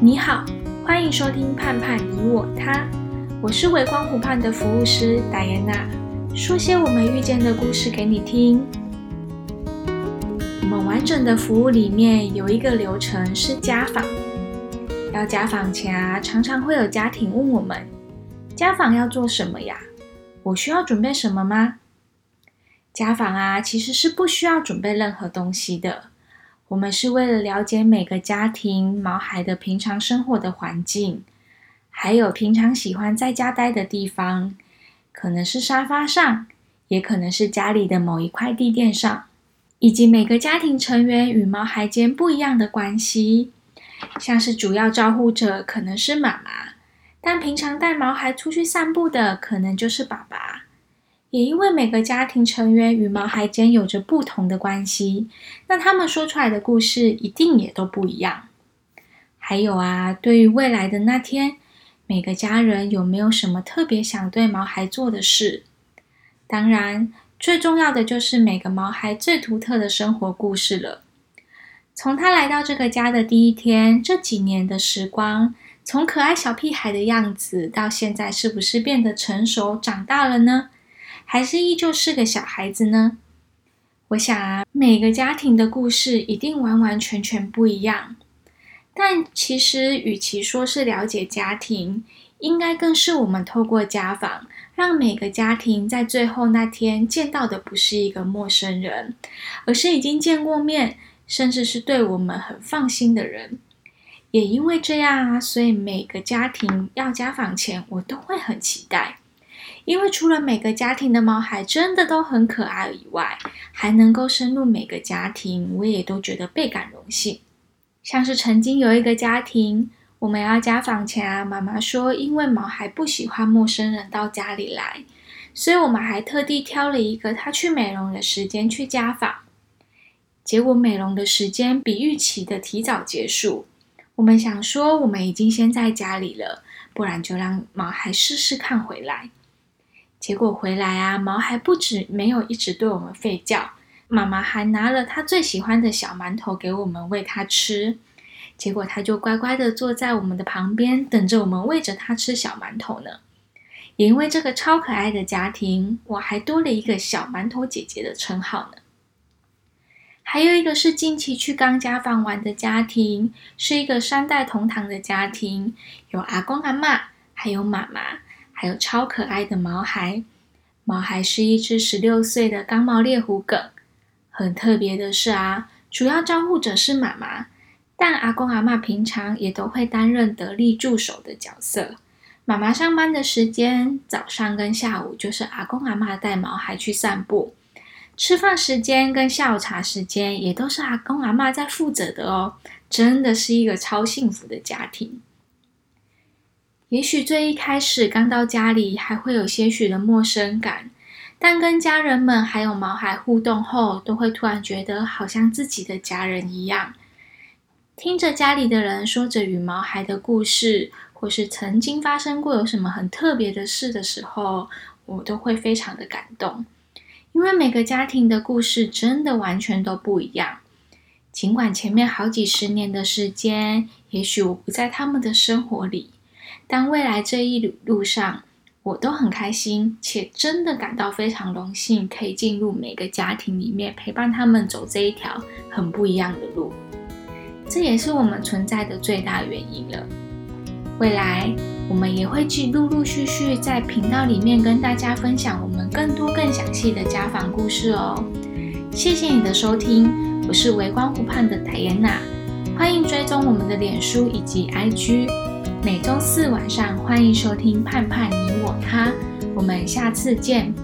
你好，歡迎收聽《盼盼你我他》，我是微光湖盼的服務師黛安娜，說些我們遇見的故事給你聽。我們完整的服務裡面有一個流程是家訪，到家訪前啊，常常會有家庭問我們：家訪要做什麼呀？我需要準備什麼嗎？家訪啊，其實是不需要準備任何東西的。我們是為了了解每個家庭毛孩的平常生活的環境，還有平常喜歡在家待的地方，可能是沙發上，也可能是家裡的某一塊地墊上，以及每個家庭成員與毛孩間不一樣的關係，像是主要照顧者可能是媽媽，但平常帶毛孩出去散步的可能就是爸爸。也因為每個家庭成員與毛孩間有着不同的關係，那他們說出來的故事一定也都不一樣。還有啊，對於未來的那天，每個家人有沒有什麼特別想對毛孩做的事？當然，最重要的就是每個毛孩最獨特的生活故事了。從他來到這個家的第一天，這幾年的時光，從可愛小屁孩的樣子，到現在是不是變得成熟長大了呢？還是依舊是個小孩子呢？我想啊，每個家庭的故事一定完完全全不一樣。但其實，與其說是了解家庭，應該更是我們透過家訪，讓每個家庭在最後那天見到的不是一個陌生人，而是已經見過面，甚至是對我們很放心的人。也因為這樣啊，所以每個家庭要家訪前，我都會很期待。因為除了每個家庭的毛孩真的都很可愛以外，還能夠深入每個家庭，我也都覺得倍感榮幸。像是曾經有一個家庭，我們要家訪前啊，媽媽說因為毛孩不喜歡陌生人到家裡來，所以我們還特地挑了一個他去美容的時間去家訪。結果美容的時間比預期的提早結束，我們想說我們已經先在家裡了，不然就讓毛孩試試看回來。結果回來啊，毛還不止沒有一直對我們吠叫，媽媽還拿了她最喜歡的小饅頭給我們餵她吃，結果她就乖乖的坐在我們的旁邊，等着我們餵着她吃小饅頭呢。也因為這個超可愛的家庭，我還多了一個小饅頭姐姐的稱號呢。還有一個是近期去剛家訪完的家庭，是一個三代同堂的家庭，有阿公阿嬤，還有媽媽。還有超可愛的毛孩，毛孩是一隻十六歲的剛毛獵狐梗。很特別的是啊，主要照顧者是媽媽，但阿公阿嬤平常也都會擔任得力助手的角色。媽媽上班的時間，早上跟下午就是阿公阿嬤帶毛孩去散步，吃飯時間跟下午茶時間也都是阿公阿嬤在負責的哦。真的是一個超幸福的家庭。也許最一開始剛到家裡還會有些許的陌生感，但跟家人們還有毛孩互動後，都會突然覺得好像自己的家人一樣。聽着家裡的人說着與毛孩的故事，或是曾經發生過有什麼很特別的事的時候，我都會非常的感動，因為每個家庭的故事真的完全都不一樣。儘管前面好幾十年的時間，也許我不在他們的生活裡。但未來這一路路上，我都很開心，且真的感到非常榮幸，可以進入每個家庭裡面，陪伴他們走這一條很不一樣的路。這也是我們存在的最大原因了。未來我們也會繼續陸陸續續在頻道裡面跟大家分享我們更多更詳細的家訪故事哦。謝謝你的收聽，我是微光湖盼的戴妍娜，歡迎追蹤我們的臉書以及 IG。每週四晚上，歡迎收聽《盼盼你我他》，我們下次見。